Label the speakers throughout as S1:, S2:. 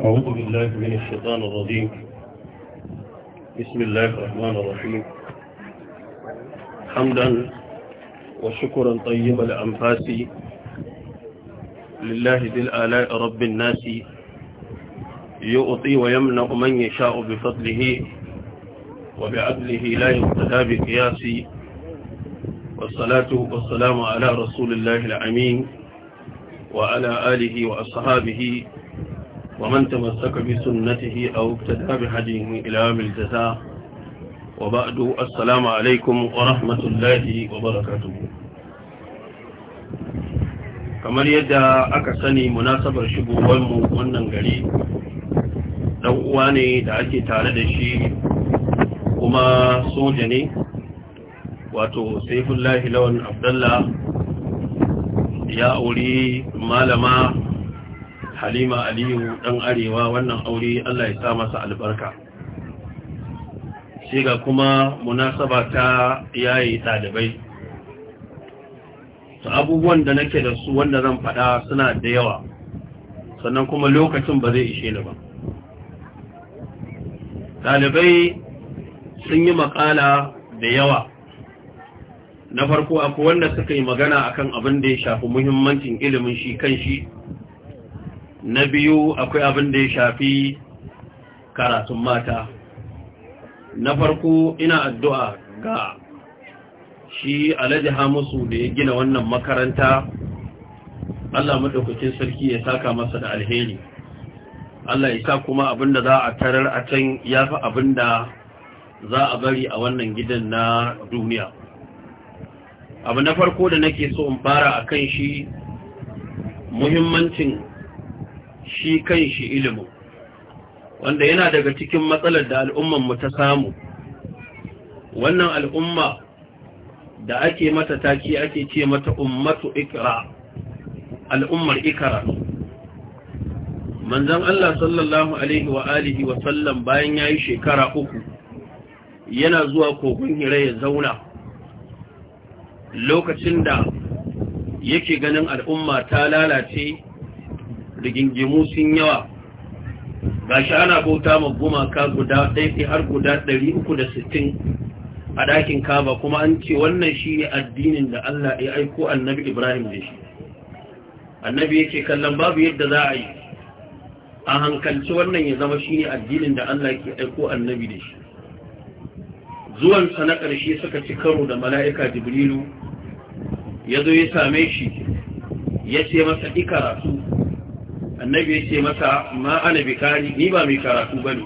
S1: أعوذ بالله من الشيطان الرجيم بسم الله الرحمن الرحيم حمدا وشكرا طيب الأنفاس لله ذي الآلاء رب الناس يؤطي ويمنع من يشاء بفضله وبعدله لا يقتدى بقياسي والصلاة والسلام على رسول الله الأمين وعلى آله وأصحابه ومن تمسك بسنته أو اقتدى بهديه إلى يوم الجزاء وبعد السلام عليكم ورحمة الله وبركاته kamar yadda aka sani munasabar shigowarmu wannan gari ɗan uwa ne da ake tare da shi kuma soja ne wato saifullahi lawan abdallah ya auri malama halima aliyu dan arewa wannan aure allah ya sa masa albarka sai ga kuma munasaba ta yayi dalibai. ta abubuwan da nake da su wanda zan faɗa suna da yawa sannan kuma lokacin ba zai ishe ni ba Dalibai sun yi makala da yawa na farko akwai wanda suka yi magana akan abin da ya shafi muhimmancin ilimin shi kan shi na biyu akwai abin da ya shafi karatun mata na farko ina addu'a ga shi alhaji hamusu da ya gina wannan makaranta Allah madaukakin sarki ya saka masa da alheri Allah ya sa kuma abinda za a tarar a can ya fi da za a bari a wannan gidan na duniya abu na farko da nake so in fara a kan shi muhimmancin shi kan shi ilimin wanda yana daga cikin matsalar da al'ummanmu ta samu wannan al'umma da ake mata taki ake ce mata ummatu ikra al'ummar ikra manzon Allah sallallahu alaihi wa alihi wa sallam bayan yayi shekara uku yana zuwa kogon hira ya zauna lokacin da yake ganin al'umma ta lalace rigingimu sun yawa ga shi ana bauta ma ka guda ɗaiɗi har guda ɗari uku da sittin a ɗakin kaba kuma an ce wannan shi ne addinin da Allah ya aiko annabi Ibrahim da shi annabi yake kallon babu yadda za a yi a hankalci wannan ya zama shi ne addinin da Allah ke aiko annabi da shi zuwansa na ƙarshe suka ci karo da mala'ika jibrilu ya zo ya same shi ya ce masa ɗi annabi ya ce masa ma ana bikari ni ba mai karatu ba ne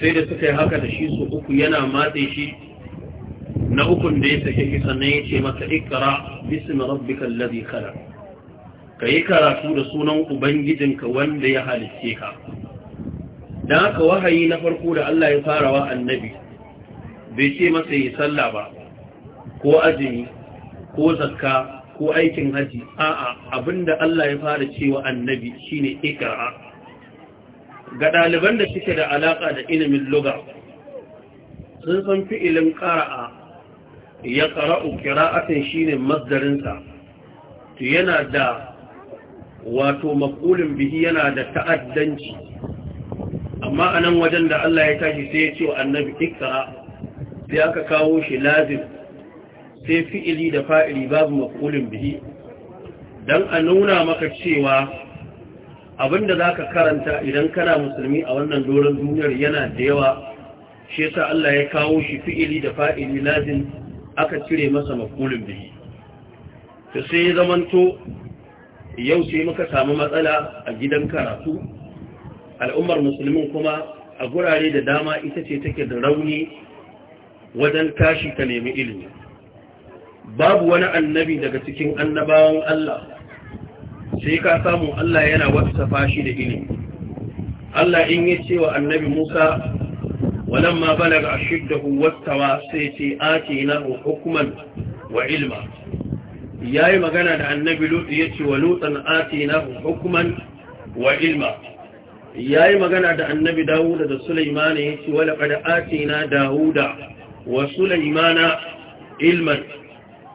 S1: sai da suka yi haka da shi su uku yana matse shi na ukun da ya sake shi sannan ya ce masa ikara bismi rabbika allazi khalaq ka yi karatu da sunan ubangijinka wanda ya halicce ka dan haka wahayi na farko da Allah ya farawa annabi bai ce masa yi sallah ba ko azumi ko zakka ko aikin haji a'a abinda Allah ya fara cewa annabi shine ikra ga daliban da suke da alaƙa da ilimin lugha sun san fi'ilin qara'a ya qara'u qira'atan shine masdarin sa to yana da wato maf'ulun bihi yana da ta'addanci amma anan wajen da Allah ya tashi sai ya ce wa annabi ikra sai aka kawo shi lazim sai fi'ili da fa'ili babu maf'ulin bihi dan a nuna maka cewa abinda zaka karanta idan kana musulmi a wannan doron duniyar yana da yawa shi yasa Allah ya kawo shi fi'ili da fa'ili lazim aka cire masa maf'ulin bihi to sai zamanto yau sai muka samu matsala a gidan karatu al'ummar musulmin kuma a gurare da dama ita ce take da rauni wajen tashi ka nemi ilimi babu wani annabi daga cikin annabawan Allah sai ka samu Allah yana wasafa shi da ilimi Allah in ya ce wa annabi Musa walamma balaga ashiddahu wattawa sai ce atina hukuman wa ilma yayi magana da annabi Lutu ya ce wa lutan atina hukuman wa ilma yayi magana da annabi Dawuda da Sulaiman ya ce wa laqad atina Dawuda wa sulaimana ilman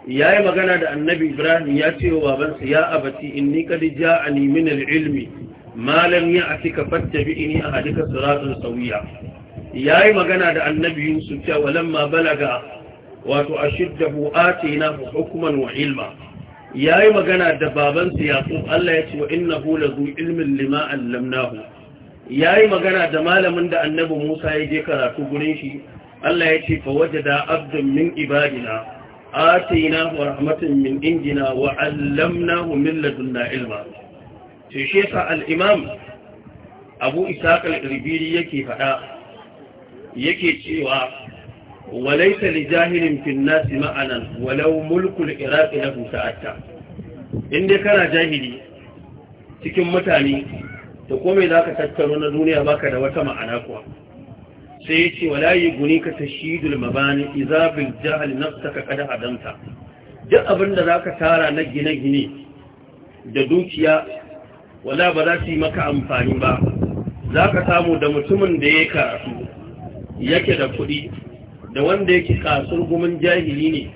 S1: Ya yi magana da annabi ibrahim ya ce wa babansa ya abati inni qad ja'ani a al-ilmi a ma lam ya'tika fattabi'ni ahdika siratan Ya yi magana da annabi yusuf cewa walamma balaga wato ashiddahu atina hukuman wa ilma Ya yi magana da babansa ya yaqub Allah ya ce wa innahu lazu ilmin lima Ya yi magana da malamin da annabi Musa ya je karatu gurin shi Allah ya ce fa wajada abdun min ibadina atainahu rahmatan min indina wa 'allamnahu min ladunna ilma to shi yasa al-imam Abu Ishaq al-Ribiri yake fada yake cewa walaysa li jahilin fil nas ma'anan walau mulku al-iraq lahu sa'atta inda kana jahili cikin mutane to komai zaka tattaro na duniya baka da wata ma'ana kuwa sai ya ce wala yi guni ka tashidul mabani iza bil jahal ka kada adamta duk abin da zaka tara na gine-gine da dukiya wala ba za su yi maka amfani ba zaka samu da mutumin da ya karatu yake da kuɗi da wanda yake kasar gumin jahili ne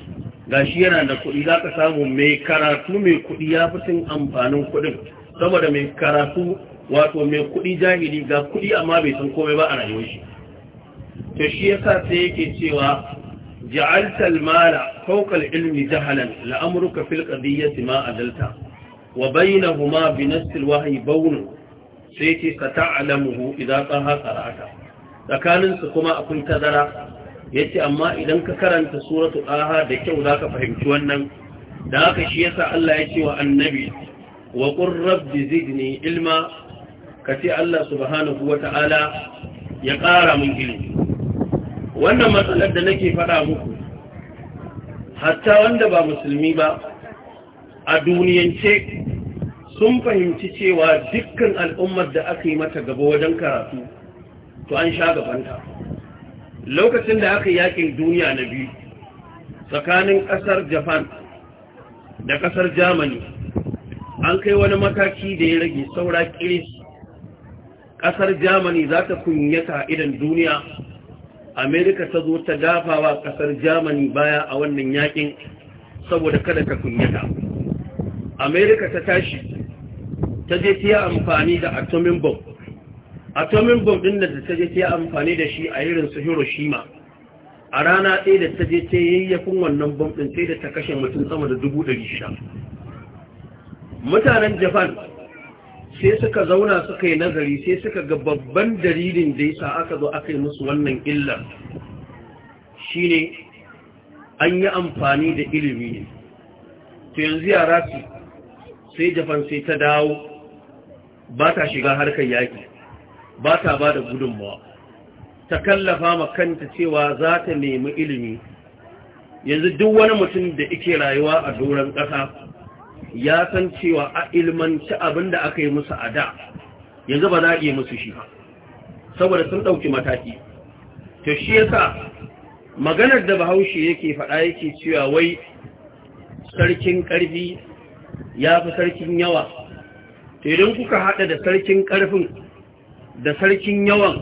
S1: gashi yana da kuɗi zaka samu mai karatu mai kuɗi ya fi cin amfanin kuɗin saboda mai karatu wato mai kuɗi jahili ga kuɗi amma bai san komai ba a rayuwar shi to shi yasa sai yake cewa ja'alta mara mala ilmi jahalan la'amruka fil qadiyyati ma adalta wa bainahuma huma binastil wahayi wahyi sai yake ka ta'lamuhu idza qaha qara'ata tsakanin kuma akwai tazara yace amma idan ka karanta suratu qaha da kyau zaka fahimci wannan da haka shi yasa Allah ya ce wa annabi wa qur rabbi zidni ilma kace Allah subhanahu wata'ala ya ƙara mun ilmi wannan matsalar da nake faɗa muku hatta wanda ba musulmi ba a duniyance sun fahimci cewa dukkan al'ummar da aka yi mata gaba wajen karatu to an sha gabanta lokacin da aka yakin duniya na biyu tsakanin ƙasar japan da ƙasar germany an kai wani mataki da ya rage saura kiris ƙasar germany za ta kunyata idan duniya amerika ta zo ta dafawa ƙasar germany baya a wannan yakin saboda kada ta kunyata amerika ta tashi ta je ta amfani da atomin bomb atomin bomb din da ta je ta amfani da shi a irin su hiroshima a rana ɗaya da ta je ta yayyafin wannan bomb ɗin sai da ta kashe mutum sama da dubu ɗari shida mutanen japan sai suka zauna suka yi nazari sai suka ga babban dalilin da ya sa aka zo aka yi musu wannan illar ne an yi amfani da ilimi ne to yanzu yara su sai Jafan sai ta dawo ba ta shiga harkar yaƙi ba ta ba da gudunmawa ta kallafa ma kanta cewa za ta nemi ilimi yanzu duk wani mutum da ike rayuwa a doron ƙasa ya san cewa a ilmanci abin da aka yi musu a da yanzu ba za a iya musu shi saboda sun ɗauki mataki to shi ya sa maganar da bahaushe yake faɗa yake cewa wai sarkin ƙarfi ya fi sarkin yawa to idan kuka haɗa da sarkin ƙarfin da sarkin yawan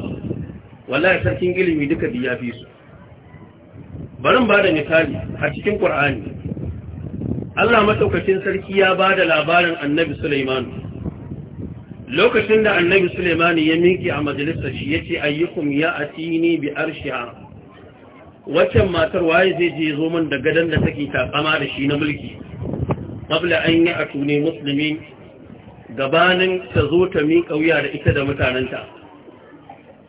S1: wallahi sarkin ilimi duka biya fi su barin ba da misali a cikin ƙwar'ani Allah madaukakin sarki ya ba da labarin annabi Suleiman. lokacin da annabi Suleiman ya miki a majalisar shi ya ce ayyukum ya atini bi arshiha waccan matar waye zai je zo da gadon da take takama da shi na mulki qabla an yi atuni musulmi gabanin ta zo ta miƙa wuya da ita da mutanenta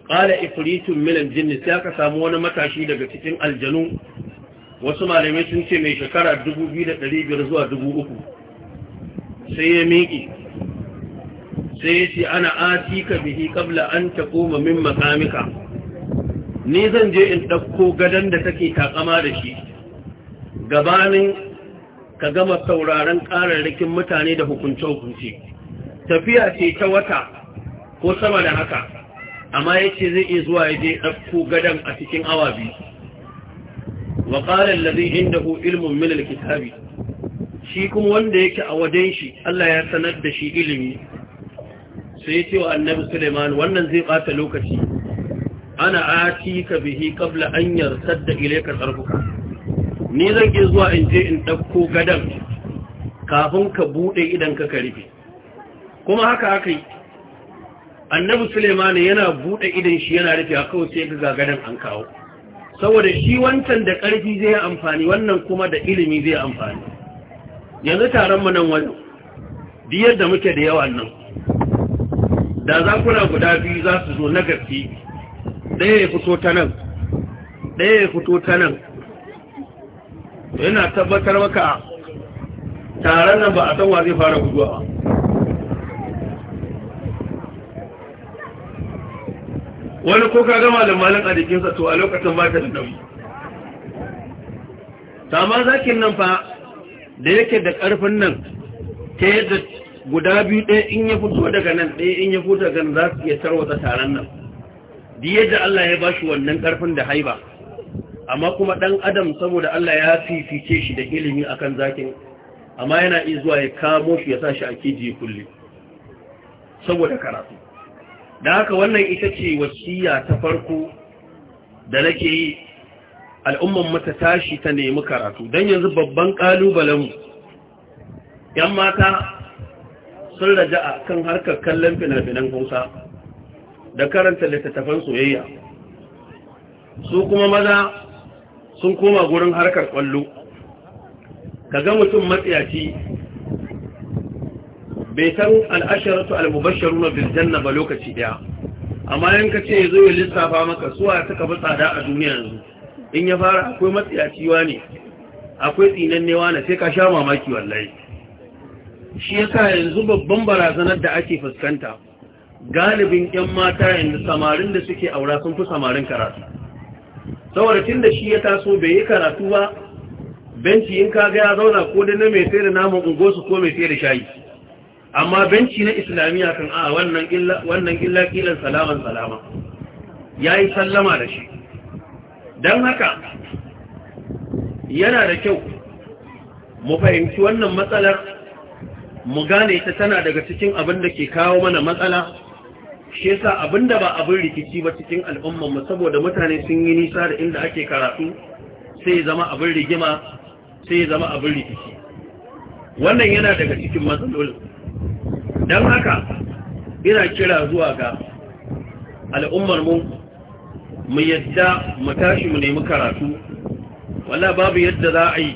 S1: Ƙala ifritun min jinnis sai ka samu wani matashi daga cikin aljanu wasu malamai sun ce mai shekara 2,500 zuwa 3,000 sai ya miƙi sai ya ce ana atika bihi kabla an ta koma min makamika ni zan je in ɗauko gadon da take takama da shi gabanin ka gama sauraron ƙararrakin mutane da hukunce-hukunce tafiya ce ta wata ko sama da haka amma ya ce zai iya zuwa ya je ɗauko gadon a cikin awa biyu wa qala inda ku ilmin min kitabi. shi kuma wanda yake a wajen shi Allah ya sanar da shi ilimi sai ya ce wa annabi Sulaiman wannan zai bata lokaci ana ka bihi qabla an sadda ilayka tsarfuka ni zan ke zuwa in je in dauko gadon kafin ka bude idan ka karfe kuma haka haka annabi suleiman yana bude idan shi yana rufe a kawai sai ga gadan an kawo saboda shi wancan da ƙarfi zai amfani wannan kuma da ilimi zai amfani yanzu taron mu nan wajen biyar da muke da yawa nan da zakuna guda biyu za su zo na gaske ɗaya ya fito ta nan ɗaya ya fito ta nan yana tabbatar maka taron nan ba a san wa zai fara guduwa ba. wani ko ka gama da malin a jikinsa to a lokacin ba ta da damu. sama zakin nan fa da yake da ƙarfin nan ta yadda guda biyu ɗaya in ya fito daga nan ɗaya in ya fito daga nan za su iya tarwata taron nan da yadda Allah ya ba shi wannan ƙarfin da haiba amma kuma ɗan adam saboda Allah ya fifice shi da ilimi akan zakin amma yana iya zuwa ya kamo shi ya sa shi a kiji kulle saboda karatu da haka wannan ita ce wasiya ta farko da nake yi al'umman mata tashi ta nemi karatu don yanzu babban ƙalubalenmu ‘yan mata sun raja a kan harkar kallon fina-finan hausa da karanta littattafan soyayya su kuma maza sun koma gurin harkar ƙwallo ka ga mutum matsiyaci bai san al'asharatu al-mubashsharuna bil ba lokaci daya amma yanka ka ce zo yi lissafa maka suwa suka fi tsada a duniya yanzu in ya fara akwai matsiyaciwa ne akwai tsinannewa na, sai ka sha mamaki wallai. shi ya sa yanzu babban barazanar da ake fuskanta galibin 'yan mata yanzu samarin da suke aura sun fi samarin karatu saboda tun da shi ya taso bai yi karatu ba benci in ka ga ya zauna ko da na mai sai da naman ungosu ko mai sai da shayi amma benci na islamiyya kan a wannan illa wannan illa kilan salaman salama yayi sallama da shi dan haka yana da kyau mu fahimci wannan matsalar mu gane ta tana daga cikin abin da ke kawo mana matsala shi yasa abin da ba abin rikici ba cikin al'ummar mu saboda mutane sun yi nisa da inda ake karatu sai ya zama abin rigima sai ya zama abin rikici wannan yana daga cikin matsalolin don haka ina kira zuwa ga al'ummar mu mu yadda mu tashi mu nemi karatu Wala babu yadda za a yi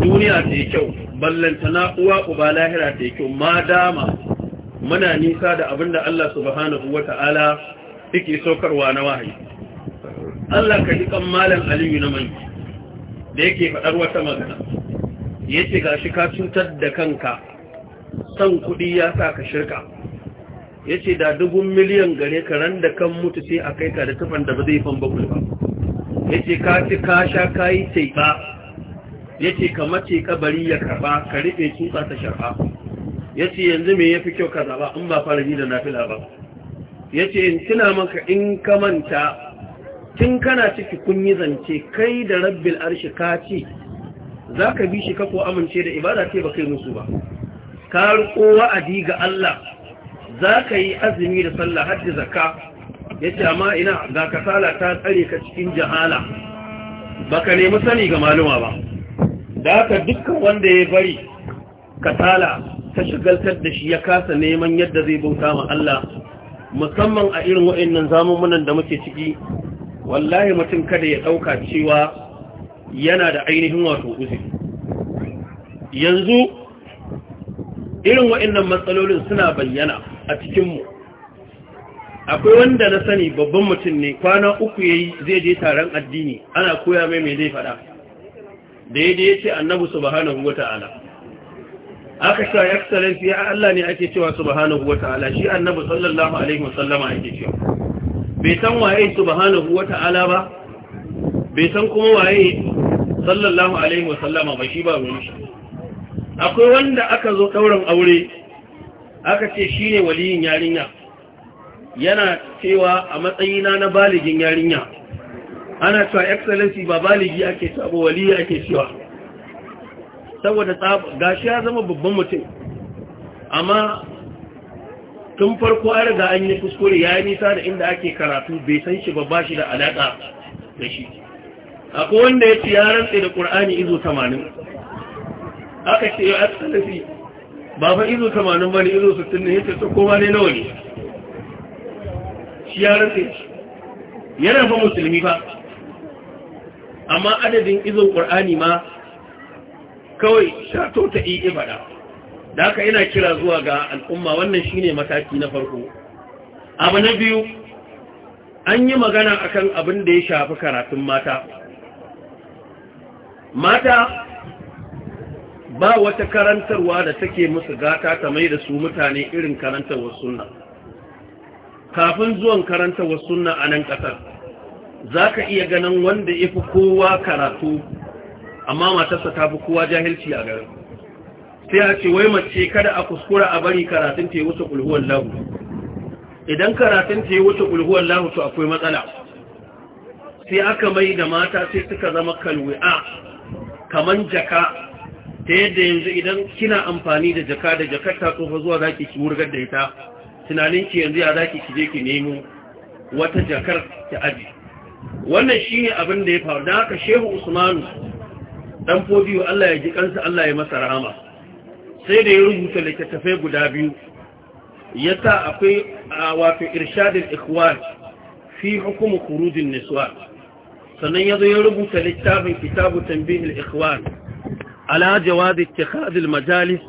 S1: duniya ta yi kyau ballanta na uwa uba lahira ta yi kyau ma dama muna nisa da abin da Allah subhanahu wa ta'ala yake saukarwa na wahayi Allah ka ji kan malam aliyu na manki da yake faɗar wata magana yace shi ka cutar da kanka Son kuɗi ya sa ka shirka ya ce da dubun miliyan gare ka ran da kan mutu sai a kai ka da tufan da ba zai fan bakul ba ya ce ka ci ka sha ka yi taiɓa ya ce ka mace kabari ya karɓa ka riɓe tutsa ta sharɓa ya ce yanzu me ya fi kyau ka zaɓa in ba farari da fila ba ya ce in tuna maka in ka manta tun kana ciki kun yi zance kai da rabbil arshi ka ce za ka bi shi kako amince da ibada ce ba kai musu ba ka riko wa'adi ga Allah za ka yi azumi da sallah hajji zakka ya ce amma ina ga kasala ta tsare ka cikin jahala ba ka nemi sani ga maluma ba da haka dukkan wanda ya bari kasala ta shigaltar da shi ya kasa neman yadda zai bauta ma Allah musamman a irin wa'annan zamanmunan da muke ciki wallahi mutum kada ya ɗauka cewa yana da ainihin wato uzi yanzu irin wa'annan matsalolin suna bayyana a cikinmu akwai wanda na sani babban mutum ne kwana uku ya yi zai je taron addini ana koya mai mai zai faɗa da ya je ya ce annabu subhanahu wa ta'ala aka sa excellency ya Allah ne ake cewa subhanahu wa ta'ala shi Annabu sallallahu alaihi wasallama ake cewa bai san waye subhanahu wa ta'ala ba bai san kuma waye sallallahu alaihi wasallama ba shi ba wani shi akwai wanda aka zo ɗaurin aure aka ce shi ne waliyin yarinya yana cewa a matsayina na baligin yarinya ana cewa excellency ba baligi ake cewa ba waliyi ake cewa saboda gashi ya zama babban mutum amma tun farko an riga an yi kuskure ya yi nisa da inda ake karatu bai san shi ba ba shi da alaƙa da shi akwai wanda ya ce ya rantse da ƙur'ani izo tamanin aka ce ya salafi ba fa izo 80 bane izo 60 ne yace "Ko koma ne nawa ne shi ya rantse yana fa musulmi fa amma adadin izon qur'ani ma kawai shato ta iya bada da haka ina kira zuwa ga al'umma wannan shine mataki na farko abu na biyu an yi magana akan abin da ya shafi karatun mata mata ba wata karantarwa da take musu gata ta mai da su mutane irin karantarwar sunna kafin zuwan karantarwar sunna a nan ƙasar za ka iya ganin wanda ya fi kowa karatu amma matarsa ta fi kowa jahilci a garin sai a ce wai mace kada a kuskura a bari karatun ta yi wuce kulhuwar lahu idan karatun ta yi wuce kulhuwar lahu to akwai matsala sai aka mai da mata sai suka zama kalwi'a kaman jaka ta yadda yanzu idan kina amfani da jaka da jakar ta tsofa zuwa zaki ki wurgar da ita tunanin ki yanzu ya zaki ki je ki nemo wata jakar ki aji wannan shi ne abin da ya faru don haka Shehu Usmanu dan fodiyo Allah ya ji kansa Allah ya masa rahama sai da ya rubuta littattafai guda biyu ya sa akwai a wato irshadin ikhwan fi hukum khurujin niswa sannan ya zo ya rubuta littafin kitabu tanbihil ikhwan على جواز اتخاذ المجالس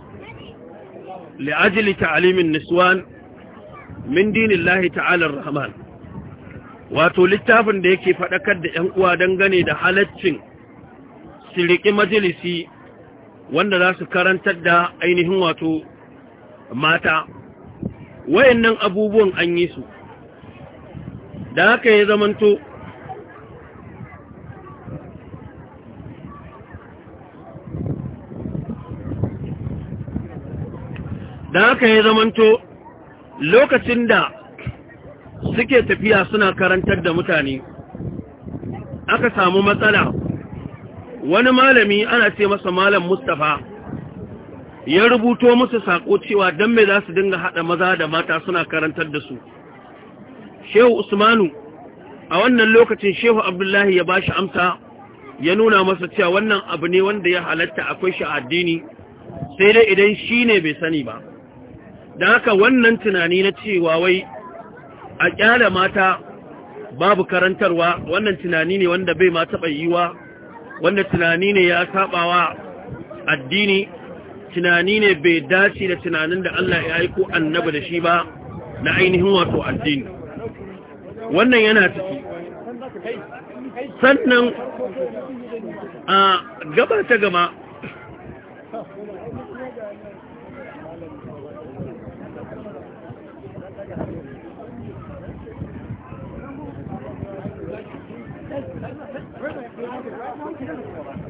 S1: لأجل تعليم النسوان من دين الله تعالى الرحمن wato littafin da yake faɗakar da ‘yan uwa gane da halaccin siriki majalisi wanda za su karantar da ainihin wato mata wayannan abubuwan an yi su da haka ya zamanto da haka ya zamanto lokacin da suke tafiya suna karantar da mutane aka samu matsala wani malami ana ce masa malam mustapha ya rubuto musu sako cewa don me za su dinga haɗa maza da mata suna karantar da su shehu usmanu a wannan lokacin shehu abdullahi ya bashi amsa ya nuna masa cewa wannan abu ne wanda ya halatta akwai shi addini sai dai idan shi ne bai sani ba da haka wannan tunani na cewa wai a kyala mata babu karantarwa wannan tunani ne wanda bai ma taɓa yiwa wanda tunani ne ya saɓawa addini tunani ne bai dace da tunanin da Allah ya aiko annabi da shi ba na ainihin wato addini wannan yana ciki sannan a gaba ta gama 这个没有了。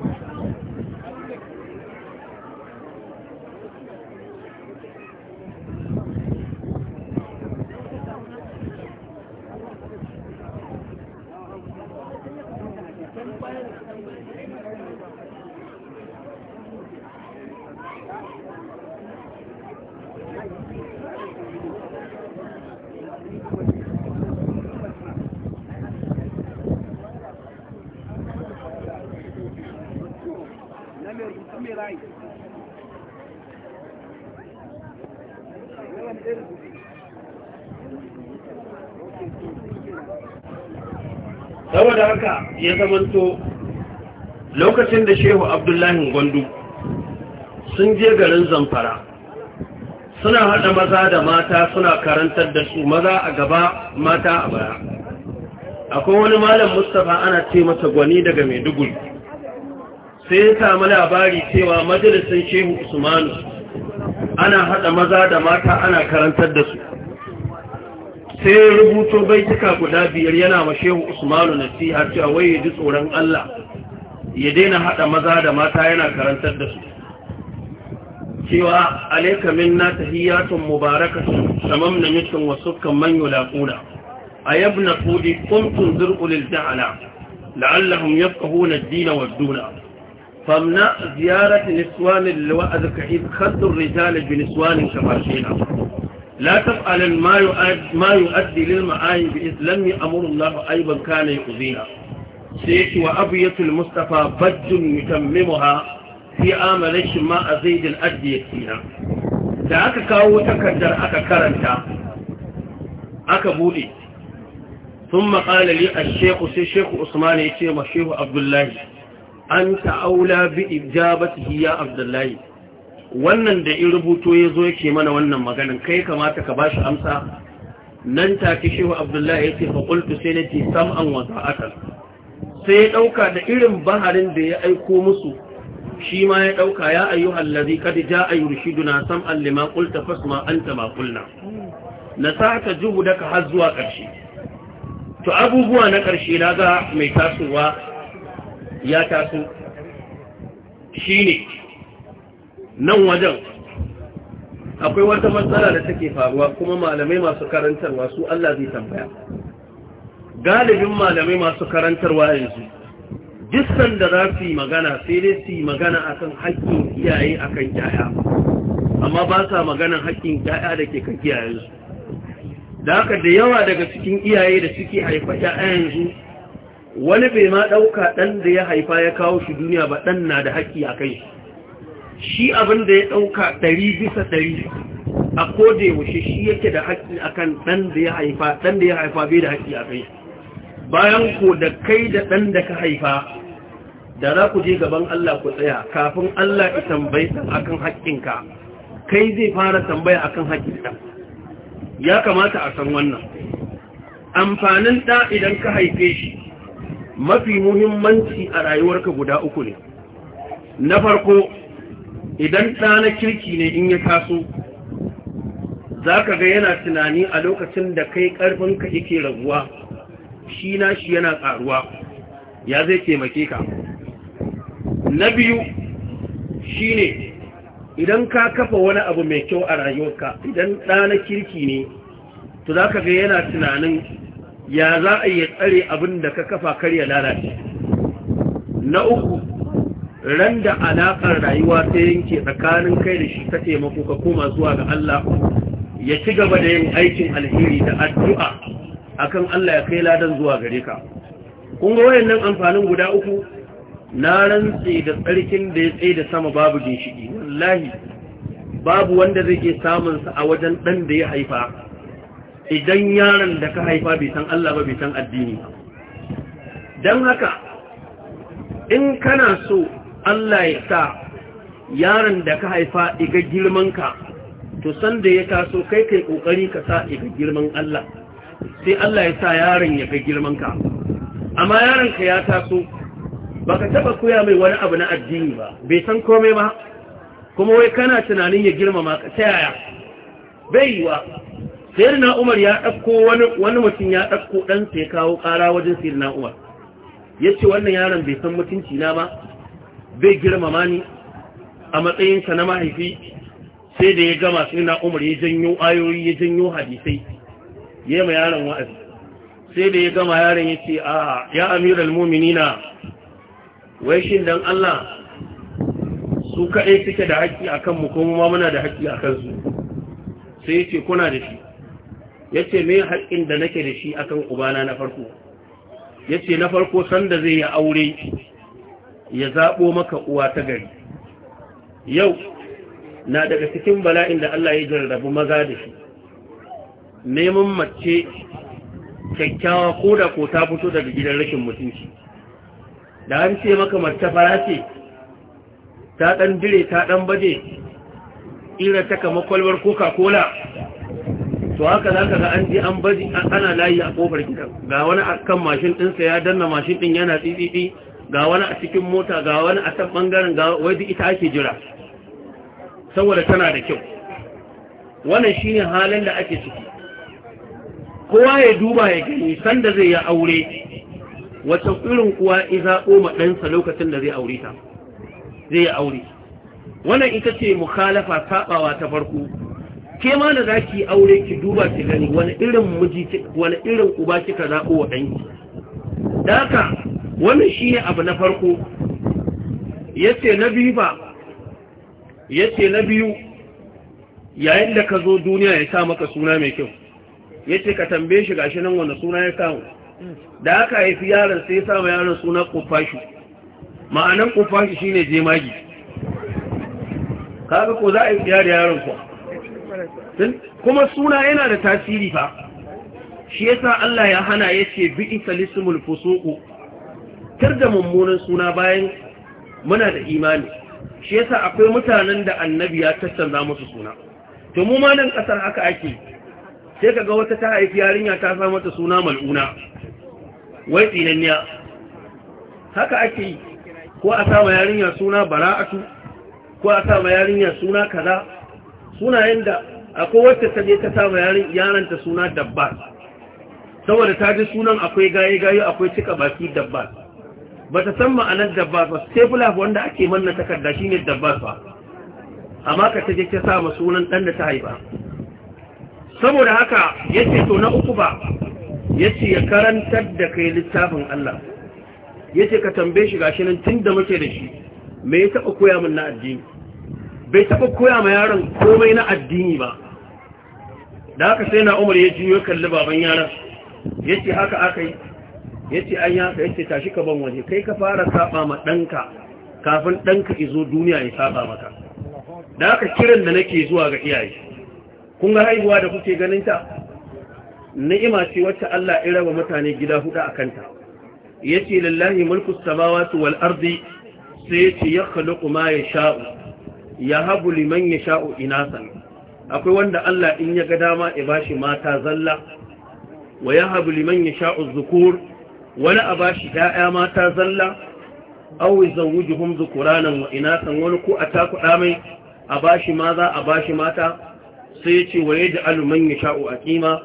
S1: saboda haka ya zamanto lokacin da shehu abdullahi gwandu sun je garin zamfara suna haɗa maza da mata suna karantar da su maza a gaba mata a baya akwai wani malam mustapha ana ce mata gwani daga maiduguri sai ya samu labari cewa majalisun shehu usmanu ana haɗa maza da mata ana karantar da su sai rubuto baituka guda biyar yana wa shehu usmanu nasiha cewa wai ya ji tsoron Allah ya daina haɗa maza da mata yana karantar da su cewa alayka minna tahiyatun mubarakatun tamam na mikin wasu kan A yulaquna ayabna qudi kuntum zurqul da'ala la'allahum yafqahuna ad-din wa duna famna ziyarati niswan al-wa'd ka'id khaddu ar-rijal bi niswan shafashina لا تفعل ما ما يؤدي للمعايب إذ لم يأمر الله أيضا كان يؤذيها سيك وأبية المصطفى بج يتممها في آملش ما أزيد أدي فيها da aka kawo takardar aka karanta aka bude sun maƙala a sheku sai sheku usman ya ce ma shehu abdullahi an ta'aula bi ijabatihi abdullahi wannan da in rubuto ya zo yake mana wannan maganin kai kamata ka bashi amsa nan take shehu abdullahi ya ce faƙultu sai na ce sam'an wa ta'atar sai ya ɗauka da irin baharin da ya aiko musu shi ma ya ɗauka ya ayyu hallazi kada ja a na sam'an lima ƙulta fasma an ta maƙulna na sa ta jubu daga har zuwa ƙarshe to abubuwa na ƙarshe na ga mai tasowa ya taso shi ne nan wajen akwai wata matsala da take faruwa kuma malamai masu karantarwa su Allah zai tambaya galibin malamai masu karantarwa yanzu jistan da za su yi magana sai dai su yi magana akan haƙƙin iyaye a kan yaya amma ba sa maganan haƙƙin yaya da ke kan iyayensu da haka da yawa daga cikin iyaye da suke haifa yayansu wani bai ma ɗauka ɗan da ya haifa ya kawo shi duniya ba ɗan na da haƙƙi a kai shi abin da ya ɗauka ɗari bisa ɗari a koda yaushe shi yake da haƙƙi akan ɗan da ya haifa ɗan da ya haifa bai da haƙƙi a kai bayan ko da kai da ɗan da ka haifa da za ku je gaban Allah ku tsaya kafin Allah ya tambaye ɗan akan haƙƙinka kai zai fara tambaya akan haƙƙin ɗan ya kamata a san wannan amfanin da idan ka haife shi mafi muhimmanci a rayuwarka guda uku ne na farko idan ɗana kirki ne in ya taso za ka ga yana tunani a lokacin da kai ƙarfinka yake raguwa shi na shi yana ƙaruwa ya zai taimake ka na biyu shi ne idan ka kafa wani abu mai kyau a rayuwarka idan ɗana kirki ne to za ka ga yana tunanin ya za a yi tsare abin da ka kafa karya lalace na uku ran da alaƙar rayuwa ta yanke tsakanin kai da shi ta taimako ka koma zuwa ga Allah ya ci gaba da yin aikin alheri da addu'a akan Allah ya kai ladan zuwa gare ka kun ga wayannan amfanin guda uku na rantse da tsarkin da ya tsaye da sama babu ginshiki wallahi babu wanda zai ke samun sa a wajen ɗan da ya haifa idan yaron da ka haifa bai san Allah ba bai san addini ba Don haka in kana so Allah ya sa yaron da ka haifa iga girmanka to sanda ya taso kai kai kokari ka sa iga girman Allah sai Allah ya sa yaron ya ga girmanka amma yaron ka ya taso baka taba koya mai wani abu na addini ba bai san komai ba kuma wai kana tunanin ya girmama ka ta yaya bai yi wa sayyidina Umar ya dauko wani wani mutum ya dauko dan sai kawo kara wajen sayyidina Umar yace wannan yaron bai san mutunci na ba bai girmama ni a matsayinsa na mahaifi sai da ya gama sai na umar ya janyo ayoyi ya janyo hadisai ya ma yaron wa'azi sai da ya gama yaron ya ce a ya amiral muminina wai shi dan Allah su kaɗai suke da haƙƙi a mu kuma ma muna da haƙƙi a kansu sai ya ce kuna da shi ya ce mai haƙin da nake da shi akan ubana na farko ya ce na farko sanda zai yi aure ya zaɓo maka uwa ta gari yau na daga cikin bala'in da Allah ya jarrabu maza da shi neman mace kyakkyawa ko da ko ta fito daga gidan rashin mutunci da an ce maka mace fara ce ta ɗan dire ta ɗan baje ira ta kama kwalbar coca-cola to haka za ka ga an ji an baji ana layi a ƙofar gidan ga wani akan mashin ɗinsa ya danna mashin ɗin yana tsitsitsi ga wani a cikin mota ga wani a san bangaren ga wadda ita ake jira saboda tana da kyau wannan shi ne halin da ake ciki kowa ya duba ya gani sanda zai ya aure wata irin kuwa iza koma ɗansa lokacin da zai aure ta zai ya aure wannan ita ce mukhalafa sabawa ta farko ke ma da za ki aure ki duba ki gani wani irin wani irin uba kika zaɓo wa ɗanki daka wannan shi ne abu na farko yace na biyu ba yace na biyu yayin da ka zo duniya ya sa maka suna mai kyau yace ka tambaye shi gashi nan wanda suna ya samu da aka haifi yaron sai ya sa ma yaron suna kufashi ma'anan kufashi shine jemagi kaga ko za a yi da yaron ku kuma suna yana da tasiri fa shi yasa Allah ya hana yace bi isalismul fusuqu fitar da mummunan suna bayan muna da imani shi yasa akwai mutanen da annabi ya tattauna musu suna to mu ma nan kasar haka ake sai kaga wata ta haifi yarinya ta sa mata suna mal'una wai tsinanniya haka ake ko a sa yarinya suna bara'atu ko a sa yarinya suna kaza suna da akwai wacce ta je ta sa yaranta suna dabba saboda ta ji sunan akwai gaye gaye akwai cika baki dabba ba ta san ma'anar dabba ba stapler wanda ake manna takarda shi ne dabba ba amma ka ta sa ma sunan ɗan da ta haifa saboda haka yace to na uku ba yace ya karantar da kai littafin Allah yace ka tambaye shi gashi nan da muke da shi me ya taba koya min na addini bai taba koya ma yaron komai na addini ba da haka sai na Umar ya jiyo kalli baban yaron yace haka akai yace an yaka yace tashi ka ban waje kai ka fara saba ma danka kafin ɗanka izo duniya ya saba maka da haka kiran da nake zuwa ga iyaye kun ga haihuwa da kuke ganin ta ni'ima ce wacce Allah ya raba mutane gida hudu akan ta yace lillahi mulku samawati wal ardi sai yace ya khluqu ma yasha'u yahabu liman yasha'u inasan akwai wanda Allah in ya ga dama ya bashi mata zalla wa yahabu liman yasha'u dhukur wani a bashi ‘ya'ya mata zalla auwi zawujuhum zukuranan wa san wani ko a takuɗa mai a bashi maza a bashi mata sai ce wa yadda aluman ya sha'u a kima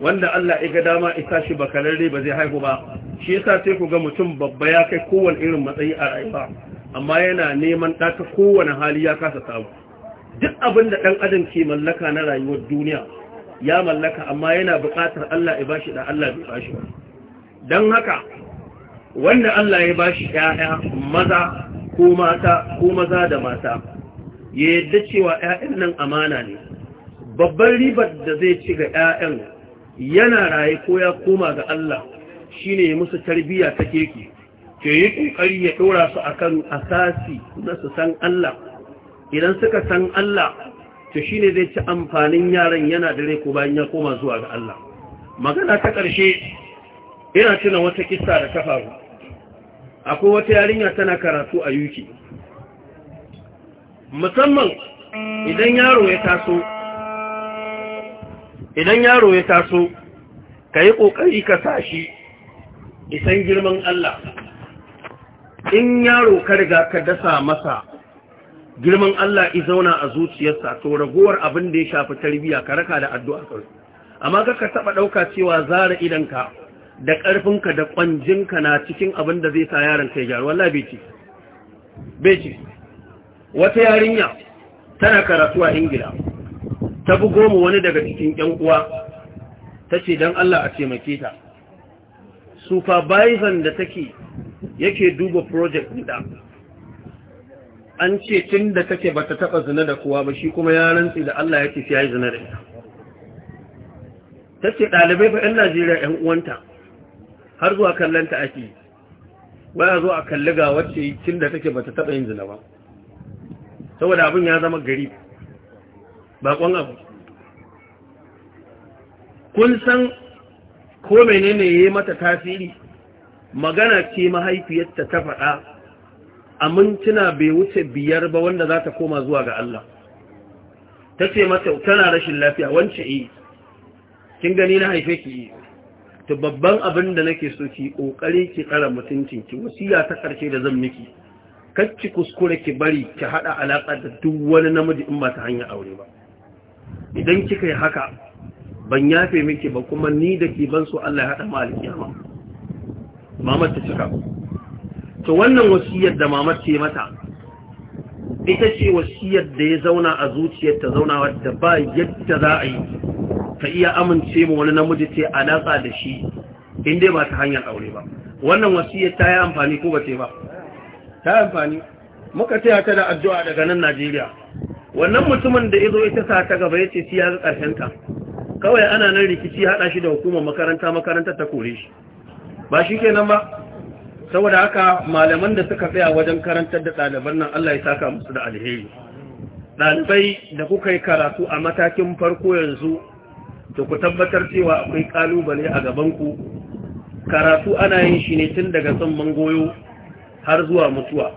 S1: wanda Allah ya ga dama isa shi ba bakararre ba zai haihu ba shi yasa sai ku ga mutum babba ya kai kowane irin matsayi a rayuwa amma yana neman ɗaka kowane hali ya kasa samu duk abin da ɗan adam ke mallaka na rayuwar duniya ya mallaka amma yana buƙatar Allah ya bashi da Allah bai shi ba don haka wanda Allah ya ba shi ‘ya'ya maza ko mata ko maza da mata ya yadda cewa ‘ya'yan nan amana ne babban ribar da zai ci ga ‘ya'yan yana raye ko ya koma ga Allah shi ne musu tarbiyya ta keke ke yi ƙoƙari ya ɗora su a kan asasi na su san Allah idan suka san Allah to shi ne zai ci amfanin yaran yana da rai ko bayan ya koma zuwa ga Allah magana ta ƙarshe ina tuna wata kisa da ta faru akwai wata yarinya tana karatu a yuki musamman idan yaro ya taso idan yaro ya taso ka yi ƙoƙari ka sa shi isan girman Allah in yaro ka riga ka dasa masa girman Allah izauna a zuciyarsa to ragowar abin da ya shafi tarbiyya ka raka da addu'a kawai amma ka taɓa ɗauka cewa zara idanka da ƙarfinka da ƙwanjinka na cikin abin da zai sa yaron ka ya gyaru wallahi bai ci bai ci wata yarinya tana karatu a ingila ta bugo mu wani daga cikin ƴan uwa ta ce don Allah a taimake ta supervisor da take yake duba project da an ce tun da take ba ta taɓa zina da kowa ba shi kuma ya rantse da Allah ya ce fiye zina da ita ta ce ɗalibai ba 'yan Najeriya 'yan uwanta har zuwa kallon ta ake waya zo a kalli ga wacce cin da take bata taba yin zina ba saboda abin ya zama gari bakon abu kun san ko menene yayi mata tasiri magana ce mahaifiyarta ta faɗa amincina bai wuce biyar ba wanda za ta koma zuwa ga Allah ta ce mata tana rashin lafiya wance yi eh. kin gani na haife ki eh. to babban abin da nake so ki kokari ki kara mutuncin ki wasiya ta karshe da zan miki kacci kuskure ki bari ki hada alaka da duk wani namiji in ba ta hanyar aure ba idan kika yi haka ban yafe miki ba kuma ni da ki ban so Allah ya hada mu alƙiyama mamar ta cika to wannan wasiyar da mamar ce mata ita ce wasiyar da ya zauna a zuciyar ta zauna wadda ba yadda za a yi ta iya amince mu wani namiji ce a alaƙa da shi inda ba ta hanyar aure ba wannan wasiya ta yi amfani ko ba ce ba ta amfani muka taya ta da addu'a daga nan Najeriya wannan mutumin da yazo ita sa ta gaba yace shi ya ga karshen ta kawai ana nan rikici hada shi da hukumar makaranta makarantar ta kore shi ba shi kenan ba saboda haka malaman da suka tsaya wajen karantar da ɗaliban nan Allah ya saka musu da alheri ɗalibai da kuka yi karatu a matakin farko yanzu to ku tabbatar cewa akwai kalubale a gabanku karatu ana yin shi ne tun daga son mangoyo har zuwa mutuwa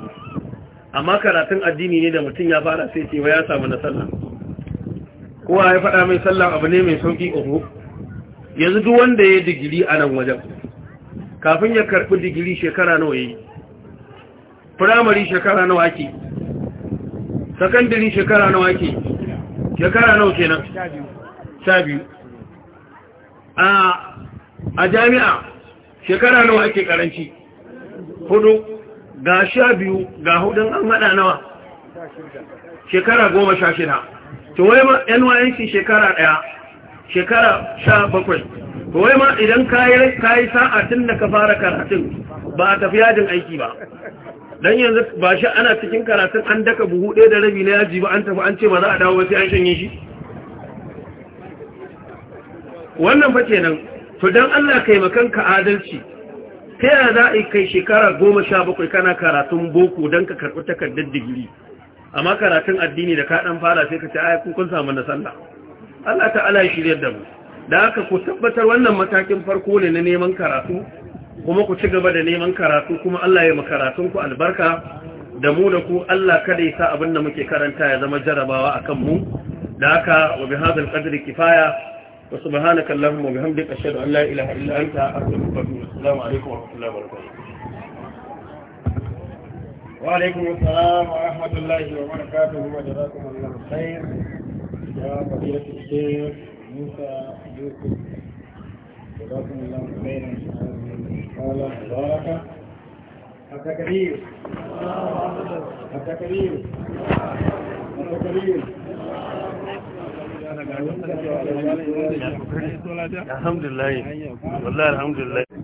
S1: amma karatun addini ne da mutum ya fara sai cewa ya samu na sallah kowa ya faɗa mai sallah abu ne mai sauƙi uku yanzu duk wanda ya digiri a nan wajen kafin ya karɓi digiri shekara nawa yi firamari shekara nawa ake sakandiri shekara nawa ake shekara nawa kenan sha biyu a jami'a shekara nawa ake karanci hudu ga sha biyu ga hudun an hada nawa shekara goma sha shida to wai ma nysc shekara daya shekara sha bakwai to wai ma idan kayi sa'a tun da ka fara karatun ba a tafi yajin aiki ba dan yanzu ba shi ana cikin karatun an daka buhu ɗaya da rabi na yaji ba an tafi an ce ba za a dawo ba sai an shanye shi wannan ba nan, to don Allah kai makanka adalci ta yaya za a yi kai shekara goma sha bakwai kana karatun boko don ka karɓi takardar digiri amma karatun addini da ka ɗan fara sai ka ce ai kun samu na sallah Allah ta'ala ya shirya da mu da aka ku tabbatar wannan matakin farko ne na neman karatu kuma ku ci gaba da neman karatu kuma Allah ya makaratun ku albarka da mu da ku Allah kada ya sa abin da muke karanta ya zama jarabawa akan mu da aka, wa hadal qadri kifaya وسبحانك اللهم وبحمدك أشهد أن لا إله إلا أنت أستغفرك وأتوب السلام عليكم ورحمة الله وبركاته وعليكم السلام ورحمة الله وبركاته وجزاكم الله خير يا فضيلة الشيخ موسى يوسف جزاكم الله خيرا قال مباركة التكريم التكريم التكريم alhamdulillah wallahi alhamdulillah